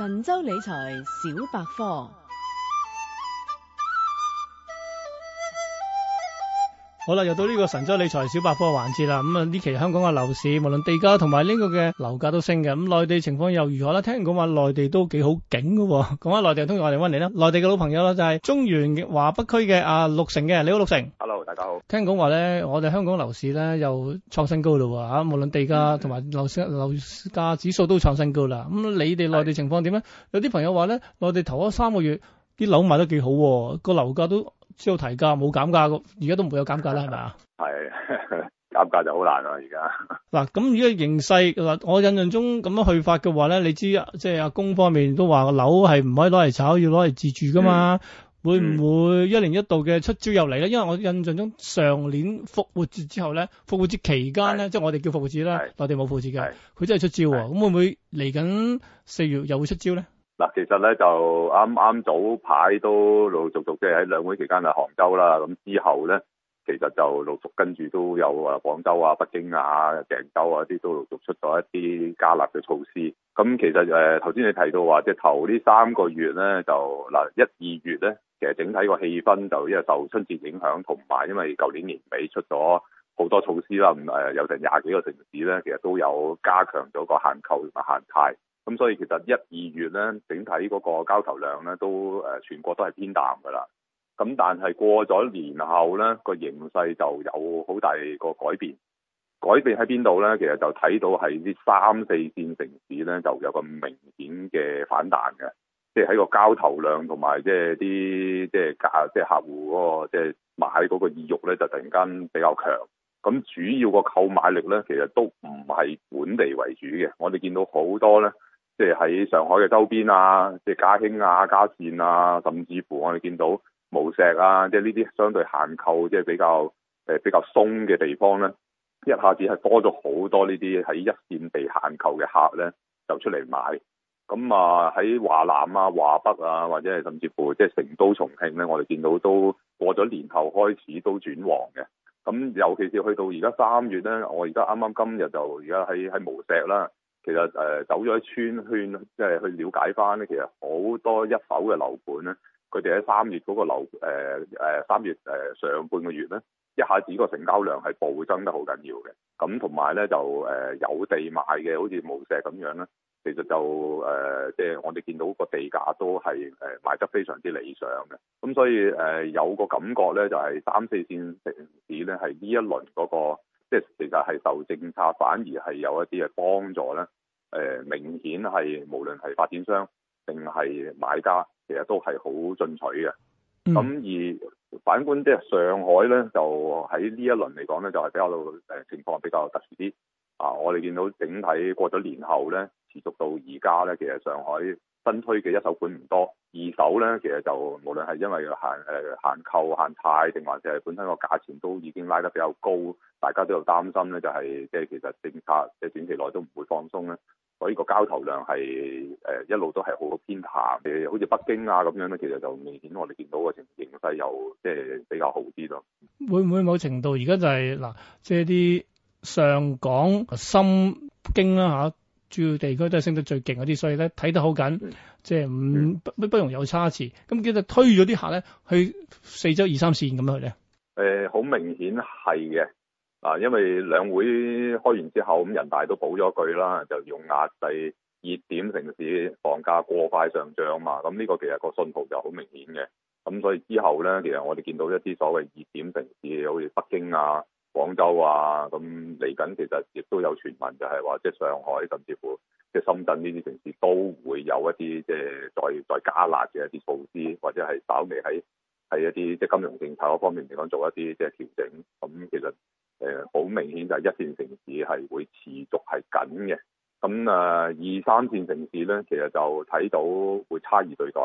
神州理財小百科。好啦，又到呢個神州理財小百科環節啦，咁啊呢期香港嘅樓市，無論地價同埋呢個嘅樓價都升嘅，咁內地情況又如何咧？聽人講話內地都幾好景嘅喎，講下內地，通我哋溫嚟啦。內地嘅老朋友啦，就係中原華北區嘅阿陸成嘅，你好陸成。Hello，大家好。聽人講話咧，我哋香港樓市咧又創新高啦喎，嚇，無論地價同埋樓升樓價指數都創新高啦。咁你哋內地情況點咧？有啲朋友話咧，內地頭咗三個月啲樓賣得幾好，個樓價都。只有提價冇減價，而家都唔會有減價啦，係咪 啊？係減價就好難啦，而家嗱，咁而家形勢嗱，我印象中咁樣去法嘅話咧，你知即係、就是、阿公方面都話樓係唔可以攞嚟炒，要攞嚟自住噶嘛？嗯、會唔會一年一度嘅出招又嚟咧？因為我印象中上年復活節之後咧，復活節期間咧，是即係我哋叫復活節啦，內是地冇復活節嘅，佢是真係出招啊！咁會唔會嚟緊四月又會出招咧？嗱，其實咧就啱啱早排都陸陸續續，即係喺兩會期間啊，杭州啦，咁之後咧，其實就陸續跟住都有啊，廣州啊、北京啊、鄭州啊啲都陸續出咗一啲加辣嘅措施。咁、嗯、其實誒，頭、呃、先你提到話，即係頭呢三個月咧，就嗱、呃，一、二月咧，其實整體個氣氛就因為受春節影響，同埋因為舊年年尾出咗好多措施啦，咁誒有成廿幾個城市咧，其實都有加強咗個限購同埋限貸。咁所以其實一、二月咧，整體嗰個交投量咧都誒、呃、全國都係偏淡㗎啦。咁但係過咗年後咧，個形勢就有好大個改變。改變喺邊度咧？其實就睇到係啲三四線城市咧就有個明顯嘅反彈嘅，即係喺個交投量同埋即係啲即係價即係客戶嗰、嗰個即係、即係、買嗰個意欲咧，就突然間比較強。咁主要個購買力咧，其實都唔係本地為主嘅。我哋見到好多咧。即係喺上海嘅周邊啊，即係嘉興啊、嘉善啊，甚至乎我哋見到無錫啊，即係呢啲相對限購即係、就是、比較誒、呃、比較鬆嘅地方咧，一下子係多咗好多呢啲喺一線被限購嘅客咧，就出嚟買。咁啊喺華南啊、華北啊，或者係甚至乎即係成都、重慶咧，我哋見到都過咗年後開始都轉旺嘅。咁尤其是去到而家三月咧，我而家啱啱今日就而家喺喺無錫啦。其實誒，走咗一圈圈，即係去了解翻咧，其實好多一手嘅樓盤咧，佢哋喺三月嗰個樓誒誒三月誒、呃、上半個月咧，一下子個成交量係暴增得好緊要嘅。咁同埋咧就誒、呃、有地賣嘅，好似無錫咁樣咧，其實就誒即係我哋見到個地價都係誒賣得非常之理想嘅。咁所以誒、呃、有個感覺咧，就係、是、三四線城市咧係呢一輪嗰、那個。即係其實係受政策反而係有一啲嘅幫助咧，誒、呃、明顯係無論係發展商定係買家，其實都係好進取嘅。咁、mm. 而反觀即係上海咧，就喺呢一輪嚟講咧，就係、是、比較誒情況比較特殊啲啊！我哋見到整體過咗年後咧，持續到而家咧，其實上海，新推嘅一手盤唔多，二手咧，其實就無論係因為限誒限購限貸，定、呃、還是係本身個價錢都已經拉得比較高，大家都有擔心咧，就係即係其實政策即係短期內都唔會放鬆咧，所以個交投量係誒、呃、一路都係好偏淡嘅，好似北京啊咁樣咧，其實就明顯我哋見到個情形勢又即係比較好啲咯。會唔會某程度而家就係、是、嗱，即係啲上港、深京啦嚇。主要地區都係升得最勁嗰啲，所以咧睇得好緊，嗯、即係唔不不，不容有差池。咁其實推咗啲客咧去四周二三線咁去咧。誒、嗯，好明顯係嘅，啊，因為兩會開完之後，咁人大都補咗句啦，就用壓制熱點城市房價過快上漲嘛。咁呢個其實個信號就好明顯嘅。咁所以之後咧，其實我哋見到一啲所謂熱點城市，好似北京啊、廣州啊，咁嚟緊其實亦都有傳聞，就係話即係上海甚至乎即係深圳呢啲城市都會有一啲即係再再加辣嘅一啲措施，或者係稍微喺喺一啲即係金融政策嗰方面嚟講做一啲即係調整。咁其實誒好、呃、明顯就係一線城市係會持續係緊嘅。咁啊二三線城市咧，其實就睇到會差異對待。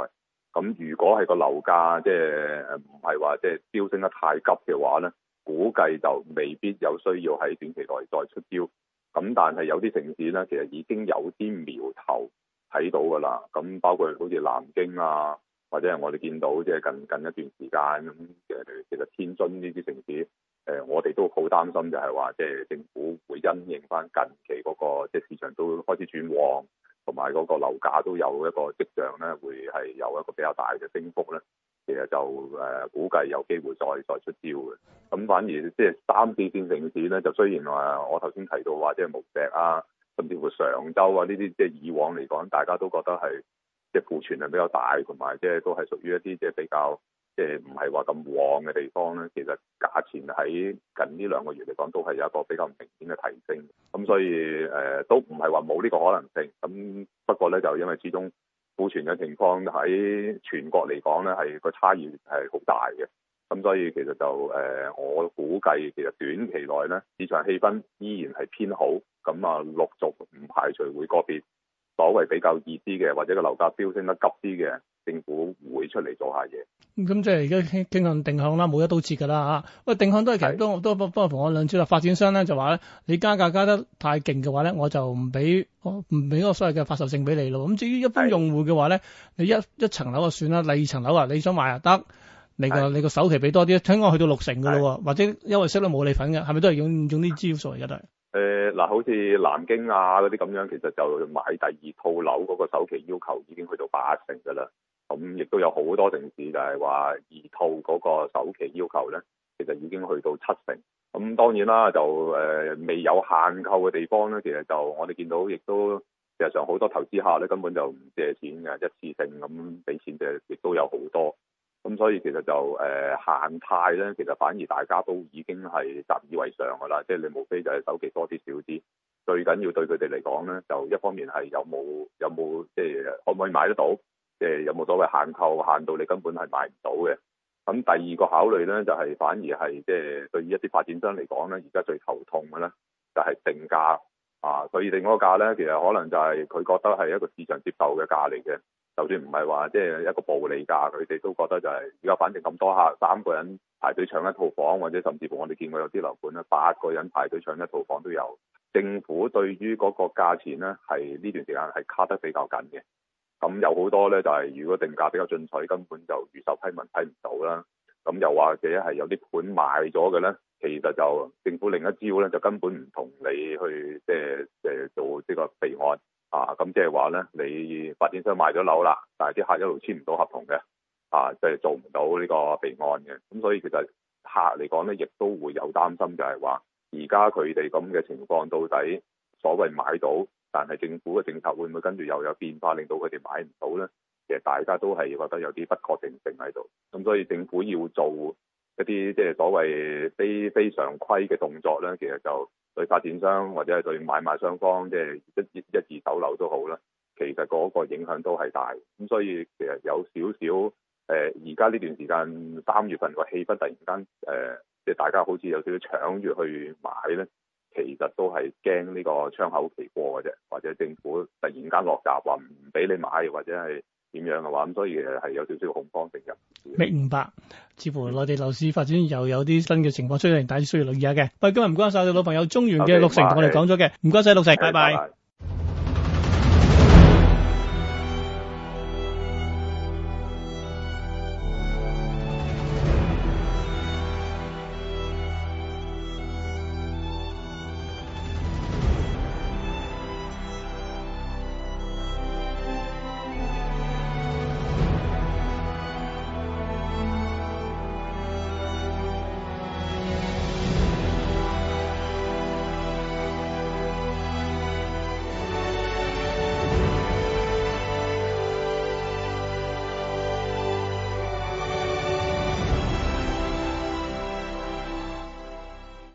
咁如果係個樓價即係唔係話即係飆升得太急嘅話咧，估計就未必有需要喺短期內再出招，咁但係有啲城市呢，其實已經有啲苗頭睇到㗎啦。咁包括好似南京啊，或者係我哋見到即係近近一段時間咁，其實天津呢啲城市，誒我哋都好擔心，就係話即係政府會因應翻近期嗰個即係市場都開始轉旺，同埋嗰個樓價都有一個跡象呢，會係有一個比較大嘅升幅呢。其實就誒估計有機會再再出招嘅，咁反而即係三四線城市咧，就雖然話我頭先提到話即係無錫啊，甚至乎常州啊呢啲，即係以往嚟講，大家都覺得係即係庫存量比較大，同埋即係都係屬於一啲即係比較即係唔係話咁旺嘅地方咧。其實價錢喺近呢兩個月嚟講，都係有一個比較明顯嘅提升。咁所以誒、呃、都唔係話冇呢個可能性。咁不過咧就因為始終。庫存嘅情況喺全國嚟講咧，係個差異係好大嘅。咁所以其實就誒、呃，我估計其實短期內咧，市場氣氛依然係偏好。咁啊，陸續唔排除會個別。所謂比較熱啲嘅，或者個樓價飆升得急啲嘅，政府會出嚟做下嘢。咁即係而家傾向定向啦，冇一刀切噶啦嚇。喂、啊，定向都係其實都，都，都我都幫幫扶我兩招啦。發展商咧就話咧，你加價加得太勁嘅話咧，我就唔俾唔俾嗰個所謂嘅發售證俾你咯。咁、嗯、至於一般用戶嘅話咧，是你一一層樓就算啦，第二層樓啊你想買又得。你個是的 你個首期俾多啲，聽講去到六成噶啦，哦，是的 或者優惠息都冇你份嘅，係咪都係用用啲招數嚟？家都？誒嗱，好似南京啊嗰啲咁樣，其實就買第二套樓嗰個首期要求已經去到八成噶啦。咁亦都有好多城市就係話二套嗰個首期要求咧，其實已經去到七成。咁當然啦，就誒、呃、未有限購嘅地方咧，其實就我哋見到亦都事實上好多投資客咧根本就唔借錢嘅，一次性咁俾錢就，亦都有好多。咁所以其實就誒、呃、限貸咧，其實反而大家都已經係習以為常㗎啦。即係你無非就係首期多啲少啲，最緊要對佢哋嚟講咧，就一方面係有冇有冇即係可唔可以買得到？即係有冇所謂限購限到你根本係買唔到嘅。咁第二個考慮咧，就係、是、反而係即係對於一啲發展商嚟講咧，而家最頭痛嘅咧，就係、是、定價啊！所以定嗰個價咧，其實可能就係、是、佢覺得係一個市場接受嘅價嚟嘅。就算唔係話即係一個暴利價，佢哋都覺得就係而家反正咁多客，三個人排隊搶一套房，或者甚至乎我哋見過有啲樓盤咧，八個人排隊搶一套房都有。政府對於嗰個價錢咧，係呢段時間係卡得比較緊嘅。咁有好多呢，就係如果定價比較進取，根本就預售批文批唔到啦。咁又或者係有啲盤賣咗嘅呢，其實就政府另一招呢，就根本唔同你去即係做呢個備案。啊，咁即係話咧，你發展商賣咗樓啦，但係啲客一路簽唔到合同嘅。啊，即係做唔到呢個備案嘅，咁所以其實客嚟講咧，亦都會有擔心就，就係話而家佢哋咁嘅情況，到底所謂買到，但係政府嘅政策會唔會跟住又有變化，令到佢哋買唔到咧？其實大家都係覺得有啲不確定性喺度，咁所以政府要做一啲即係所謂非非常規嘅動作咧，其實就。對發展商或者係對買賣雙方，即係一一二手樓都好啦，其實嗰個影響都係大。咁所以其實有少少誒，而家呢段時間三月份個氣氛突然間誒，即、呃、係大家好似有少少搶住去買咧，其實都係驚呢個窗口期過嘅啫，或者政府突然間落閘話唔俾你買，或者係。點樣嘅話，咁所以誒係有少少恐慌性嘅。明白，似乎內地樓市發展又有啲新嘅情況出現，大家需要留意下嘅。喂，今日唔該晒，我哋老朋友中原嘅陸成同我哋講咗嘅，唔該晒，陸成，拜拜，拜拜。拜拜。